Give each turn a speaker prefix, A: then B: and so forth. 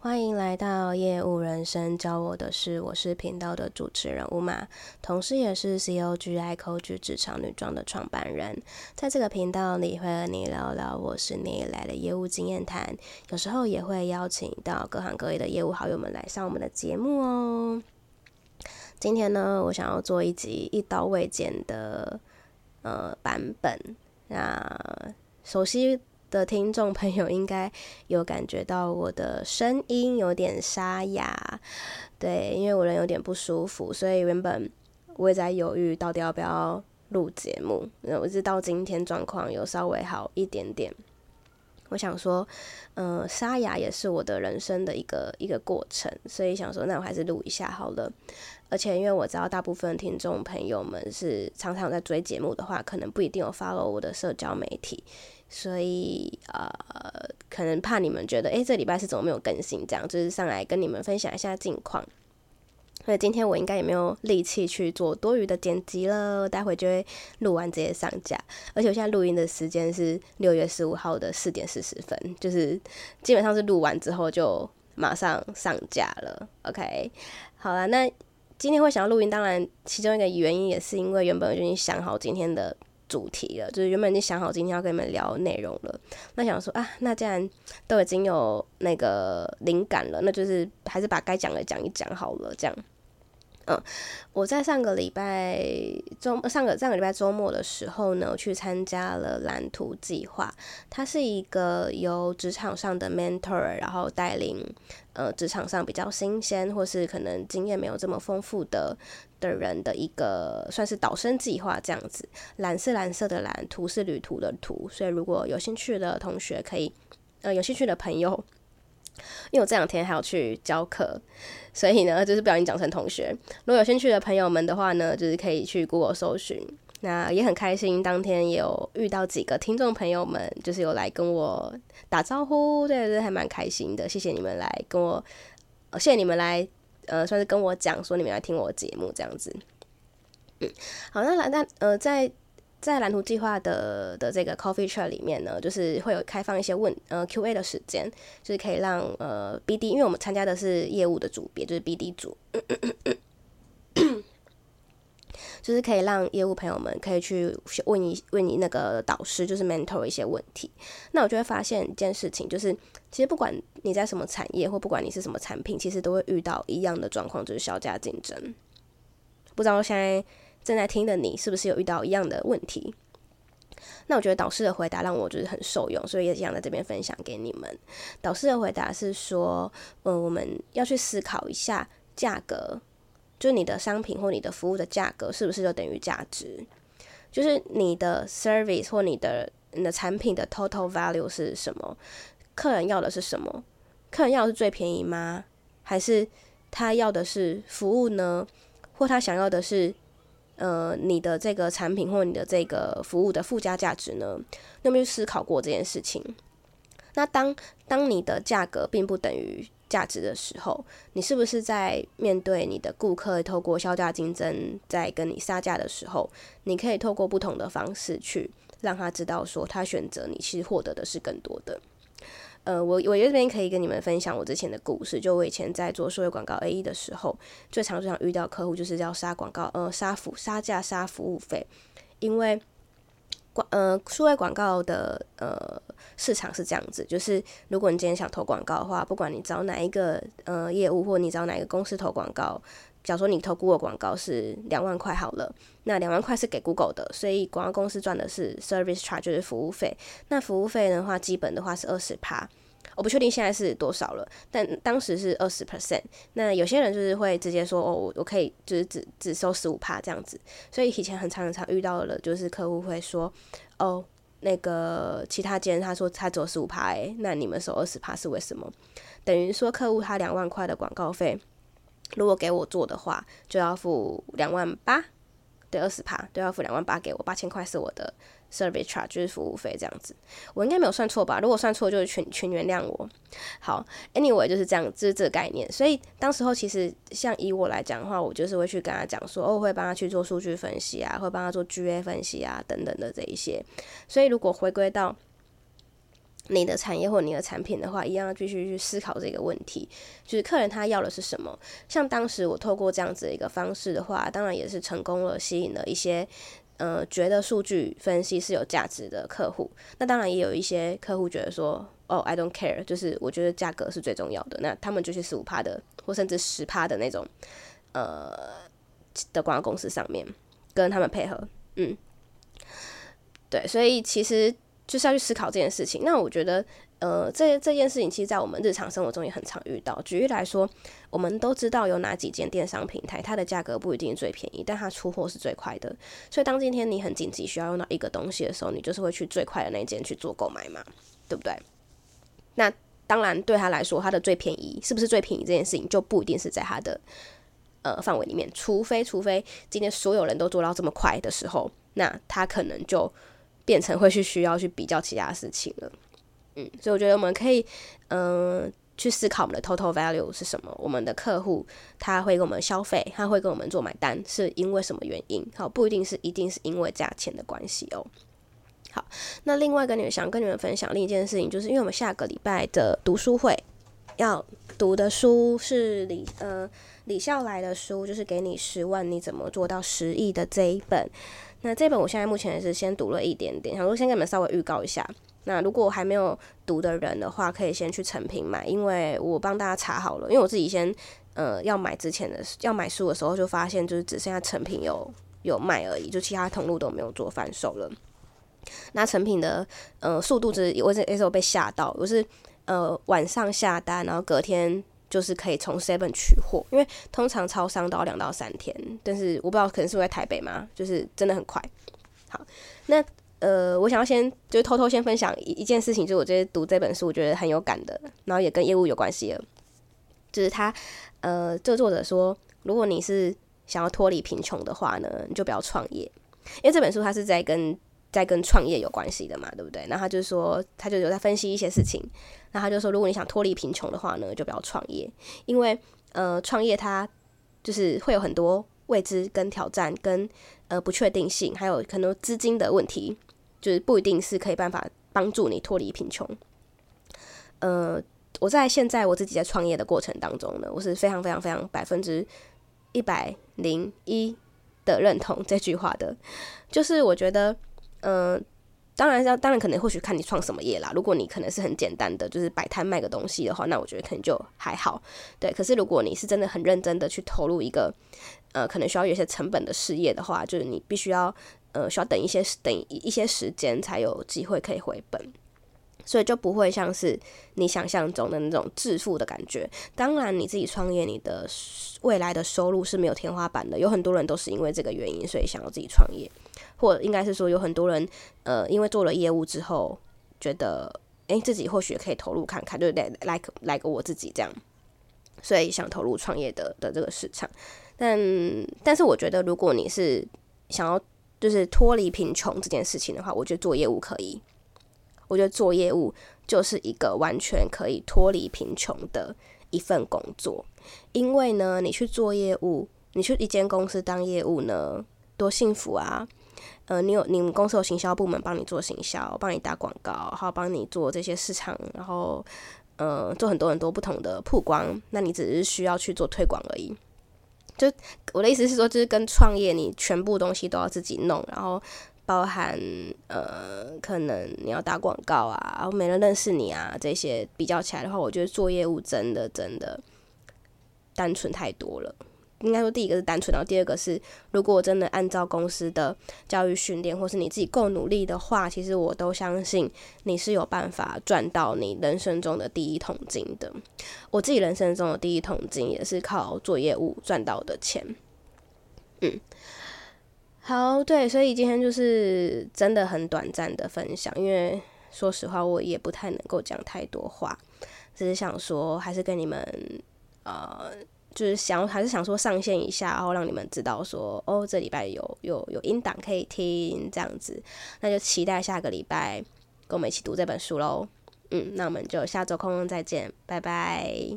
A: 歡迎來到業務人生，教我的事，我是頻道的主持人 Uma，同時也是 Cogivibe 職場女裝的創辦人。在這個頻道裡會和你聊聊我十年來的業務經驗談，有時候也會邀請到各行各業的業務好友們來上我們的節目哦。今天呢，我想要做一集一刀未剪的呃版本，那首先。的聽眾朋友應該有感覺到我的聲音有點沙啞，對，因為我人有點不舒服，所以原本我也在猶豫到底要不要錄節目。嗯、我知道直到今天狀況有稍微好一點點，我想說，嗯、呃，沙啞也是我的人生的一個一個過程，所以想說，那我還是錄一下好了。而且因為我知道大部分聽眾朋友們是常常在追節目的話，可能不一定有 follow 我的社交媒體。所以呃，可能怕你們覺得，誒、欸，這禮拜是怎麼沒有更新？這樣就是上來跟你們分享一下近況。所以今天我應該也沒有力氣去做多餘的剪輯了，待會就會錄完直接上架。而且我現在錄音的時間是六月十五號的四點四十分，就是基本上是錄完之後就馬上上架了。OK，好啦，那今天會想要錄音，當然其中一個原因也是因為原本我已經想好今天的。主題了，就是原本已經想好今天要跟你們聊的內容了。那想說啊，那既然都已經有那個靈感了，那就是還是把該講的講一講好了，這樣。嗯，我在上個禮拜周上個上個禮拜周末的時候呢，去參加了藍圖計劃。它是一個由職場上的 mentor 然後帶領，呃，職場上比較新鮮或是可能經驗沒有這麼豐富的的人的一個算是導生計劃這樣子。藍是藍色的藍，圖是旅途的圖，所以如果有興趣的同學可以，呃，有興趣的朋友。因為我這兩天還要去教課，所以呢，就是不小心講成同學。如果有興趣的朋友們的話呢，就是可以去 Google 搜尋。那也很開心，當天有遇到幾個聽眾朋友們，就是有來跟我打招呼，對，對，對，就是還蠻開心的。謝謝你們來跟我，呃，謝謝你們來，呃，算是跟我講說你們來聽我節目這樣子。嗯，好，那來那呃在。在藍圖計劃的的這個 coffee chat 裡面呢，就是會有開放一些問呃 Q A 的時間，就是可以讓呃 B D，因為我們參加的是業務的組別，就是 B D 組，嗯嗯嗯嗯、就是可以讓業務朋友們可以去問一問你那個導師，就是 mentor 一些問題。那我就會發現一件事情，就是其實不管你在什麼產業，或不管你是什麼產品，其實都會遇到一樣的狀況，就是削價競爭。不知道現在。正在聽的你是不是有遇到一樣的問題？那我覺得導師的回答讓我就是很受用，所以也想在這邊分享給你們。導師的回答是說，嗯，我們要去思考一下價格，就是你的商品或你的服務的價格是不是就等於價值？就是你的 service 或你的你的產品的 total value 是什麼？客人要的是什麼？客人要的是最便宜嗎？還是他要的是服務呢？或他想要的是呃，你的這個產品或你的這個服務的附加價值呢？有沒有思考過這件事情？那當當你的價格並不等於價值的時候，你是不是在面對你的顧客透過削價競爭在跟你殺價的時候，你可以透過不同的方式去讓他知道說，他選擇你其實獲得的是更多的。呃，我我這邊可以跟你們分享我之前的故事，就我以前在做數位廣告 AE 的時候，最常最常遇到客戶就是要殺廣告，呃，殺服殺價殺服務費，因為，呃，數位廣告的呃市場是這樣子，就是如果你今天想投廣告的話，不管你找哪一個呃業務或你找哪一個公司投廣告，假如說你投 Google 廣告是兩萬塊好了，那兩萬塊是給 Google 的，所以廣告公司賺的是 service charge，就是服務費。那服務費的話，基本的話是二十趴。我不確定現在是多少了，但當時是二十 percent。那有些人就是會直接說哦，我我可以就是只只收十五趴這樣子。所以以前很常很常遇到了，就是客戶會說哦，那個其他間他說他走十五趴哎，那你們收二十趴是為什麼？等於說客戶他兩萬塊的廣告費，如果給我做的話，就要付兩萬八。對二十趴，都要付兩萬八給我，八千塊是我的 service charge，就是服務費這樣子。我應該沒有算錯吧？如果算錯，就是請請原諒我。好，anyway，就是這樣，就是這個概念。所以當時候其實像以我來講的話，我就是會去跟他講說，哦，我會幫他去做數據分析啊，會幫他做 GA 分析啊等等的這一些。所以如果回歸到你的產業或你的產品的話，一樣要繼續去思考這個問題，就是客人他要的是什麼？像當時我透過這樣子的一個方式的話，當然也是成功了，吸引了一些，呃，覺得數據分析是有價值的客戶。那當然也有一些客戶覺得說，哦，I don't care，就是我覺得價格是最重要的。那他們就去十五趴的，或甚至十趴的那種，呃，的廣告公司上面跟他們配合，嗯，對，所以其實。就是要去思考這件事情。那我覺得，呃，這這件事情其實，在我們日常生活中也很常遇到。舉例來說，我們都知道有哪幾間電商平台，它的價格不一定最便宜，但它出貨是最快的。所以，當今天你很緊急需要用到一個東西的時候，你就是會去最快的那間去做購買嘛，對不對？那當然，對他來說，它的最便宜是不是最便宜這件事情，就不一定是在它的呃範圍裡面。除非，除非今天所有人都做到這麼快的時候，那他可能就。變成會去需要去比較其他的事情了，嗯，所以我覺得我們可以，嗯、呃，去思考我們的 total value 是什麼？我們的客戶他會跟我們消費，他會跟我們做買單，是因為什麼原因？好，不一定是一定是因為價錢的關係哦。好，那另外跟你們想跟你們分享另一件事情，就是因為我們下個禮拜的讀書會要讀的書是李呃李笑來的書，就是《給你十萬，你怎麼做到十億》的這一本。那這本我現在目前也是先讀了一點點，想說先給你們稍微預告一下。那如果我還沒有讀的人的話，可以先去誠品買，因為我幫大家查好了。因為我自己先，呃，要買之前的要買書的時候，就發現就是只剩下誠品有有賣而已，就其他通路都沒有做販售了。那誠品的，呃，速度、就是、我是，是我是那時候被嚇到，我是呃晚上下單，然後隔天。就是可以從 Seven 取貨，因為通常超商都要兩到三天，但是我不知道可能是不是在台北嗎？就是真的很快。好，那呃，我想要先就偷偷先分享一一件事情，就是我最近讀這本書，我覺得很有感的，然後也跟業務有關係，就是他呃，這個作者說，如果你是想要脫離貧窮的話呢，你就不要創業，因為這本書他是在跟。在跟創業有關係的嘛，對不對？然後他就說，他就有在分析一些事情。然後他就說，如果你想脫離貧窮的話呢，就不要創業，因為呃，創業它就是會有很多未知跟挑戰跟，跟呃不確定性，還有很多資金的問題，就是不一定是可以辦法幫助你脫離貧窮。呃，我在現在我自己在創業的過程當中呢，我是非常非常非常百分之一百零一的認同這句話的，就是我覺得。嗯、呃，當然要。當然可能或許看你創什麼業啦。如果你可能是很簡單的，就是擺攤賣個東西的話，那我覺得可能就還好。對，可是如果你是真的很認真的去投入一個，呃，可能需要有些成本的事業的話，就是你必須要，呃，需要等一些等一些時間才有機會可以回本。所以就不會像是你想象中的那種致富的感覺。當然，你自己創業，你的未來的收入是沒有天花板的。有很多人都是因為這個原因，所以想要自己創業。或應該是說，有很多人，呃，因為做了業務之後，覺得，誒、欸，自己或許可以投入看看，對不對？like, like 我自己這樣，所以想投入創業的的這個市場。但但是，我覺得如果你是想要就是脫離貧窮這件事情的話，我覺得做業務可以。我覺得做業務就是一個完全可以脫離貧窮的一份工作，因為呢，你去做業務，你去一間公司當業務呢，多幸福啊！呃，你有你們公司有行銷部門幫你做行銷，幫你打廣告，然後幫你做這些市場，然後呃做很多很多不同的曝光。那你只是需要去做推廣而已。就我的意思是說，就是跟創業，你全部東西都要自己弄，然後包含呃，可能你要打廣告啊，然後沒人認識你啊，這些比較起來的話，我覺得做業務真的真的單純太多了。應該說，第一個是單純，然後第二個是，如果我真的按照公司的教育訓練，或是你自己夠努力的話，其實我都相信你是有辦法賺到你人生中的第一桶金的。我自己人生中的第一桶金也是靠做業務賺到的錢。嗯，好，對，所以今天就是真的很短暫的分享，因為說實話，我也不太能夠講太多話，只是想說，還是跟你們呃。就是想還是想說上線一下，然後讓你們知道說，哦，這禮拜有有有音檔可以聽這樣子，那就期待下個禮拜跟我們一起讀這本書嘍。嗯，那我們就下周空空再見，拜拜。